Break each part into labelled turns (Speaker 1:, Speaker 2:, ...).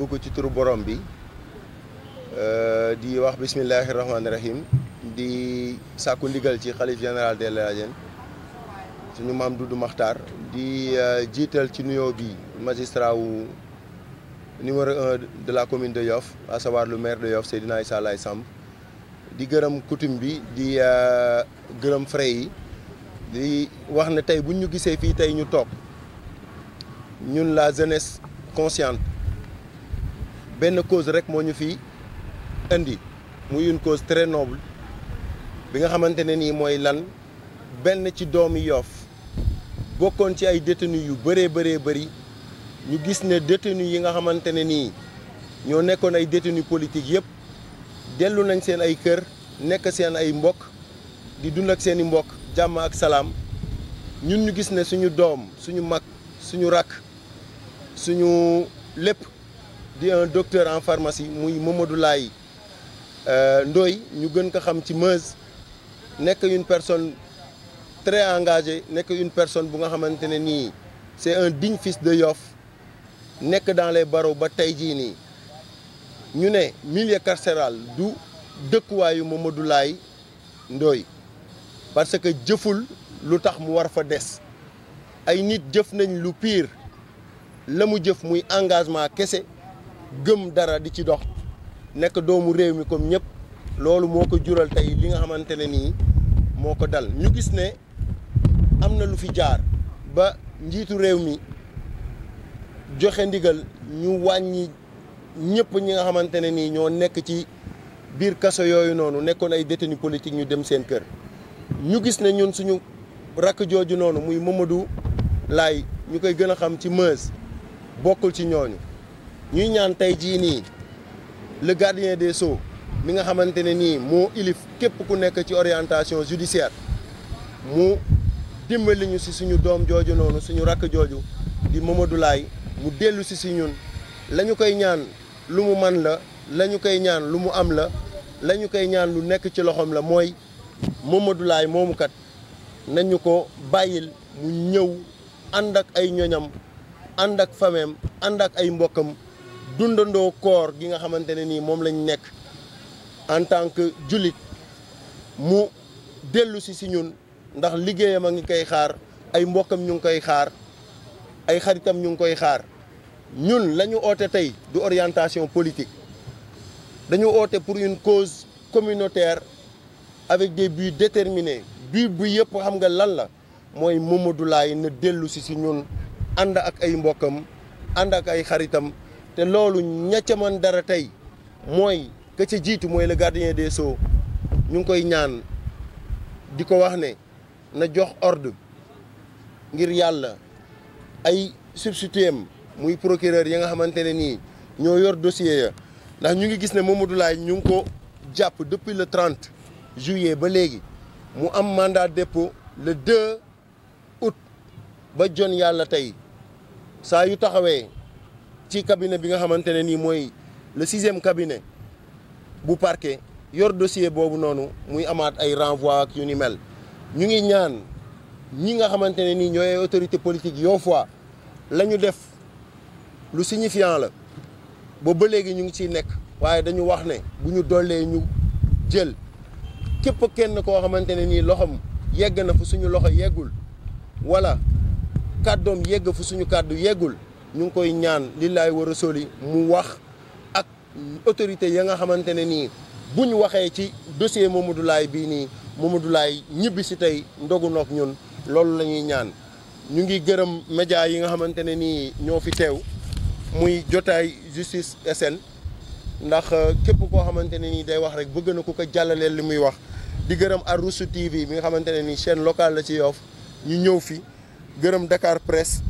Speaker 1: yóbbu ci turu borom bi euh, di wax bismillahi rahmaani rahim di sàkku ndigal ci xalif général des Layènes suñu maam Dudu Maxtaar di euh, jiital ci nuyoo bi magistrat wu numéro un de la commune de Yoff à savoir le maire de Yoff Seydina Issa Laye Samb di gërëm coutume bi di euh, gërëm frais yi di wax ne tey buñ ñu gisee fii tey ñu toog ñun la jeunesse consciente benn cause rek moo ñu fi indi muy une cause très noble bi nga xamante ne nii mooy lan benn ci doomi yoof bokkoon ci ay détenus yu bëree bëree bari ñu gis ne détenus yi nga xamante ne nii ñoo nekkoon ay détenus politiques yëpp dellu nañ seen ay kër nekk seen ay mbokk di dund ak seeni mbokk jàmm ak salaam ñun ñu gis ne suñu doom suñu mag suñu rakk suñu lépp di un docteur en pharmacie muy Mamadou euh ndoy ñu gën ko xam ci Meuse nek une personne très engagée nek une personne bu nga xamantene ni c'est un digne fils de Yoff nek dans les barreaux ba tey ni. nii ñu né milieu carcéral du dëkkuwaayu Mamadou Lay ndoy parce que jëful lutax mu war fa dess ay nit jëf nañ lu pire la mu jëf muy engagement kese gëm dara di ci dox nekk doomu réew mi comme ñëpp loolu moo ko jural tey li nga xamante ne nii moo ko dal ñu gis ne am na lu fi jaar ba njiitu réew mi joxe ndigal ñu wàññi ñépp ñi nga xamante ne nii ñoo nekk ci biir kaso yooyu noonu nekkoon ay détenu politique ñu dem seen kër ñu gis ne ñun suñu rakk jooju noonu muy Mamadou lay ñu koy gën a xam ci Meuse bokkul ci ñooñu ñuy ñaan tey jii nii le gardien des so mi nga xamante ne nii moo ilif képp ku nekk ci orientation judiciaire mu dimbali ñu si suñu doom jooju noonu suñu rakk jooju di Mamadou mu dellu si si ñun la ñu koy ñaan lu mu man la lañu koy ñaan lu mu am la lañu koy ñaan lu nekk ci loxoom la mooy Mamadou Laye moomu kat nañu ko bàyyil mu ñëw ànd ak ay ñoñam ànd ak fameem ànd ak ay mbokkam dundandoo koor gi nga xamante ne nii moom lañ nekk en tant que julit mu dellu si si ñun ndax liggéeyam a ngi koy xaar ay mbokkam ñu ngi koy xaar ay xaritam ñu ngi koy xaar ñun la ñu oote tey du orientation politique dañu oote pour une cause communautaire avec des buts déterminé but bu yëpp xam nga lan la mooy Mamadou Laye na dellusi si si ñun ànd ak ay mbokkam ànd ak ay xaritam te loolu ña ca man dara tey mooy ka ca jiitu mooy le gardien des sceaux ñu ngi koy ñaan di ko wax ne na jox ordre ngir yàlla ay substitut muy procureur yi nga xamante ne nii ñoo yor dossier ya ndax ñu ngi gis ne Mamadou Laye ñu ngi ko jàpp depuis le 30 juillet ba léegi mu am mandat dépôt le 2 août ba jon yàlla tey saa yu taxawee ci cabinet bi nga xamante ne nii mooy le sixième cabinet bu parke yor dossier boobu noonu muy amaat ay renvoi ak yu ni mel ñu ngi ñaan ñi nga xamante ne nii ñooy autorité politique yoo fois la ñu def lu signifiant la ba ba léegi ñu ngi ciy nekk waaye dañu wax ne bu ñu dollee ñu jël képp kenn koo xamante ne nii loxoom yegg na fu suñu loxo yeggul wala kàddoom yegg fu suñu kàddu yeggul ñu ngi koy ñaan lillaay war a soli mu wax ak autorité ya nga xamante ne nii bu ñu waxee ci dossier Mamadou Laye bii nii Mamadou Laye ñibbi si tey ndogu noog ñun loolu la ñuy ñaan ñu ngi gërëm média yi nga xamante ne nii ñoo fi teew muy jotaay justice SN ndax euh, képp koo xamante ne nii day wax rek bëgg na ku ko jàllaleel li muy wax di gërëm Arusu TV bi nga xamante ne nii chaîne locale la ci Yoff ñu ñëw fi gërëm Dakar Presse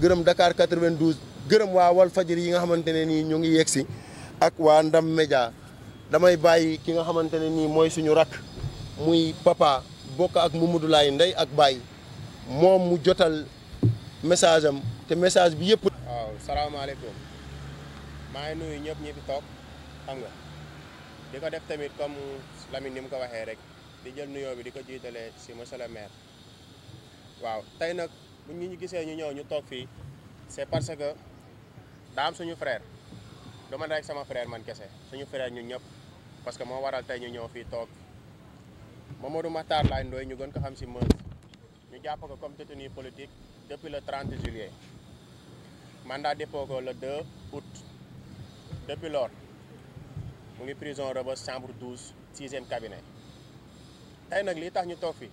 Speaker 1: gërëm Dakar 92 gërëm wal fajr yi nga xamantene ni ñu ngi yexsi ak wa Ndam Média damay bayyi ki nga xamantene ni moy suñu rak muy papa bokk ak Mamadou lay ndey ak bayyi mom mu jotal message am te message bi yépp waaw
Speaker 2: salaamaaleykum maa may nuyu ñëpp ñi fi tok xam nga di def tamit comme Lamine nim ko rek di jël nuyo bi diko jitalé ci monsieur le maire waaw tay nak bu ñu ñu gisee ñu ñëw ñu toog fii c'est parce que daa suñu frère du man rek sama frère man kese suñu frère ñun ñëpp parce que moo waral tey ñu ñëw fii toog Mamadou Matar Laye dooy ñu gën ko xam si Meuz ñu jàpp ko comme détenu politique depuis le 30 juillet mandat dépôt ko le 2 août depuis lool mu ngi prison Rebeuss chambre 12 sixième cabinet tey nag lii tax ñu toog fi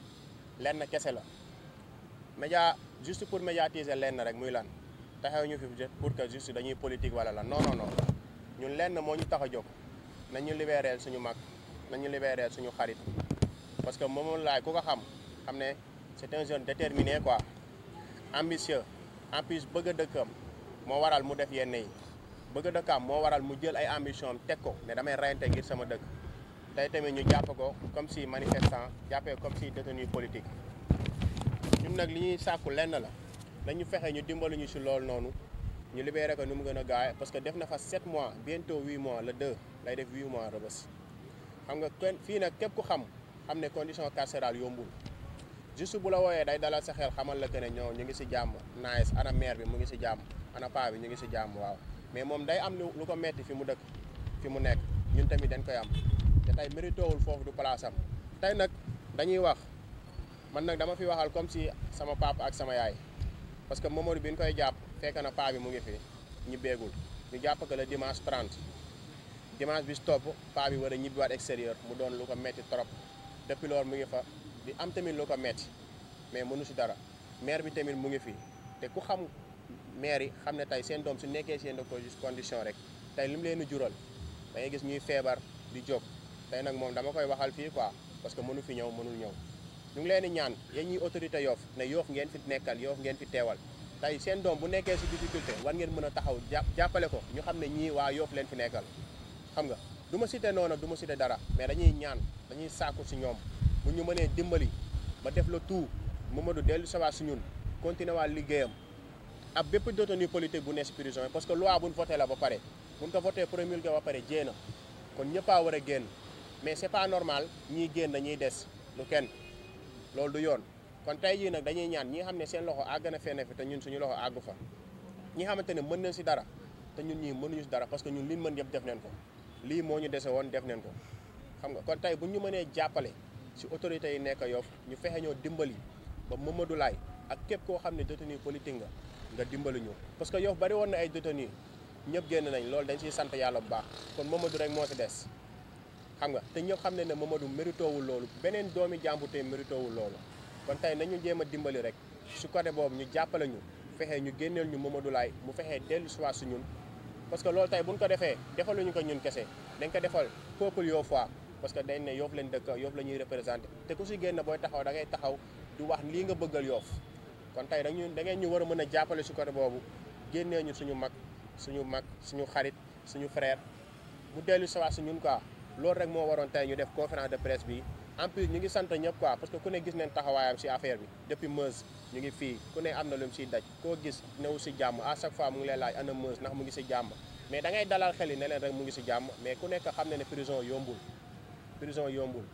Speaker 2: lenn kese la média juste pour médiatiser lenn rek muy lan taxaw ñu fi pour que juste dañuy politique wala la non non ñun lenn moo ñu tax a jóg nañu libéré suñu mag nañu libéré suñu xarit parce que moom laay ku ko xam xam ne c'est un jeune déterminé quoi ambitieux en plus bëgg a dëkkam moo waral mu def yenn yi bëgg a dëkkam moo waral mu jël ay ambition am teg ko ne damay reyante ngir sama dëkk tey tamit ñu jàpp ko comme si manifestant jàppee comme si détenu politique nak li ñuy sàkku lenn la nañu fexé ñu dimbalu ñu ci loolu nonu ñu libéré ko nu mu gën a parce que def na fa 7 mois bientôt 8 mois le 2 lay def 8 mois rëbës xam nga fi nak nag képp ku xam xam ne condition carcérale yombul juste bu la woyé day dalal sa xel xamal la que ñoo ñu ngi ci jamm naaj ana mère bi mu ngi ci jamm ana paa bi ñu ngi ci jamm waaw mais mom day am lu ko metti fi mu dëkk fi mu nekk ñun tamit dañ koy am tay mérito wul fofu du place am tay nak dañuy wax. man nag dama fi waxal comme si sama papa ak sama yaay parce que Mamadou bi ñu koy jàpp fekk na paa bi mu ngi fi ñu beegul ñu jàpp que le dimanche 30 dimanche bi si topp paa bi war a ñibbiwaat extérieur mu doon lu ko metti trop depuis loolu mu ngi fa di am tamit lu ko metti mais mënu si dara maire bi tamit mu ngi fi te ku xam maire yi xam ne tey seen doom si nekkee seen de condition rek tey li mu leen di jural da ngay gis ñuy feebar di jóg tey nag moom dama koy waxal fii quoi parce que mënu fi ñëw mënul ñëw ñu ngi leen di ñaan yéen ñuy autorité yoof ne yoof ngeen fi nekkal yoof ngeen fi teewal tey seen doom bu nekkee si difficulté war ngeen mën a taxaw jàppale ko ñu xam ne ñii waa yoof leen fi nekkal xam nga du ma cité noonu du ma cité dara mais dañuy ñaan dañuy sàkku si ñoom bu ñu mënee dimbali ba def la tout Mamadou dellu sawaat si ñun continuer waa liggéeyam ak bépp détenu politique bu nekk prison parce que loi bu ñu voté la ba pare bu ñu ko voté promulgué ba pare jéena kon ñëpp a war a génn mais c'est pas normal ñiy génn ñiy des lu kenn loolu du yoon kon tey jii nag dañuy ñaan ñi nga xam ne seen loxo àgg na fenn fi te ñun suñu loxo àggu fa ñi xamante ne mën nañ si dara te ñun ñii mënuñu si dara parce que ñun liñ mën yëpp def neen ko lii moo ñu dese woon def neen ko xam nga kon tey bu ñu mënee jàppale si autorités yi nekk Yoff ñu fexe ñoo dimbali ba Mamadou Laye ak képp koo xam ne détenu politique nga nga dimbali ñu parce que Yoff bari woon na ay détenu ñëpp génn nañ loolu dañ siy sant yàlla bu baax kon Mamadou rek moo si des xam nga te ñëpp xam ne ne Mamadou méritoowul loolu beneen doomi jàmbur tey méritoowul loolu kon tey nañu jéem a dimbali rek su côté boobu ñu jàppale ñu fexe ñu génneel ñu Mamadou Laay mu fexe dellu soit su ñun parce que loolu tey bu buñ ko defee defalu defaluñu ko ñun kese dañ ko defal peuple yoo fois parce que dañ ne yoof leen dëkk yoof la ñuy représenté te ku si génn booy taxaw da ngay taxaw wax lii nga bëggal yoof kon tey dañu da ngeen ñu war a mën a jàppale su côté boobu génnee ñu suñu mag suñu mag suñu xarit suñu frère mu dellu soit su ñun quoi loolu rek moo waroon tey ñu def conférence de presse bi en ñu ngi sant ñëpp quoi parce que ku ne gis neen taxawaayam si affaire bi depuis Meuse ñu ngi fii ku ne am na lu mu siy daj koo gis newu si jàmm à chaque fois mu ngi lay laaj ana Meuse ndax mu ngi si jàmm mais da ngay dalal xel yi ne leen rek mu ngi si jàmm mais ku nekk xam ne ne prison yombul prison yombul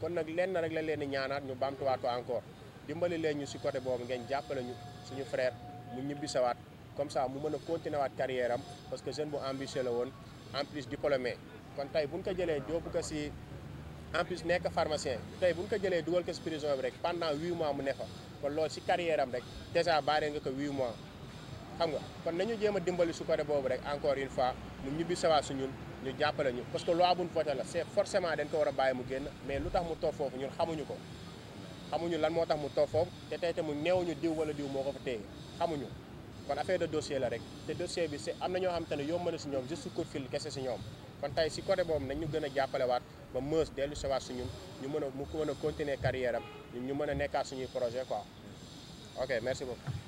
Speaker 2: kon nag lenn rek la leen di ñaanaat ñu bamtuwaat ko encore dimbali leen ñu si côté boobu ngeen jàppale ñu suñu frère mu ñibbi sawaat comme ça mu mën a continuer waat carrière am parce que jeune bu ambitieux la woon en plus kon tey bu ñu ko jëlee yóbbu ko si en plus nekk pharmacien tey bu ñu ko jëlee dugal ko si prison bi rek pendant huit mois mu ne fa kon loolu si carrière am rek dèjà baaree nga ko huit mois xam nga kon nañu jéem a dimbali su côté boobu rek encore une fois mu ñibbi sawaa su ñun ñu jàppale ñu parce que loo bu ñu voté la c'est forcément dañ ko war a bàyyi mu génn mais lu tax mu toog foofu ñun xamuñu ko xamuñu lan moo tax mu toog foofu te tey te mu neewuñu diw wala diw moo ko fa téye xamuñu kon affaire de dossier la rek te dossier na ñoo xam te ne yomb na si ñoom juste coup de si ñoom kon tey si côté boobu nañ ñu gën a jàppalewaat ba Meuss dellu si waat suñu ñu mën a mu mën a continuer carrière am ñu mën a nekkaat suñuy projet quoi ok merci beaucoup.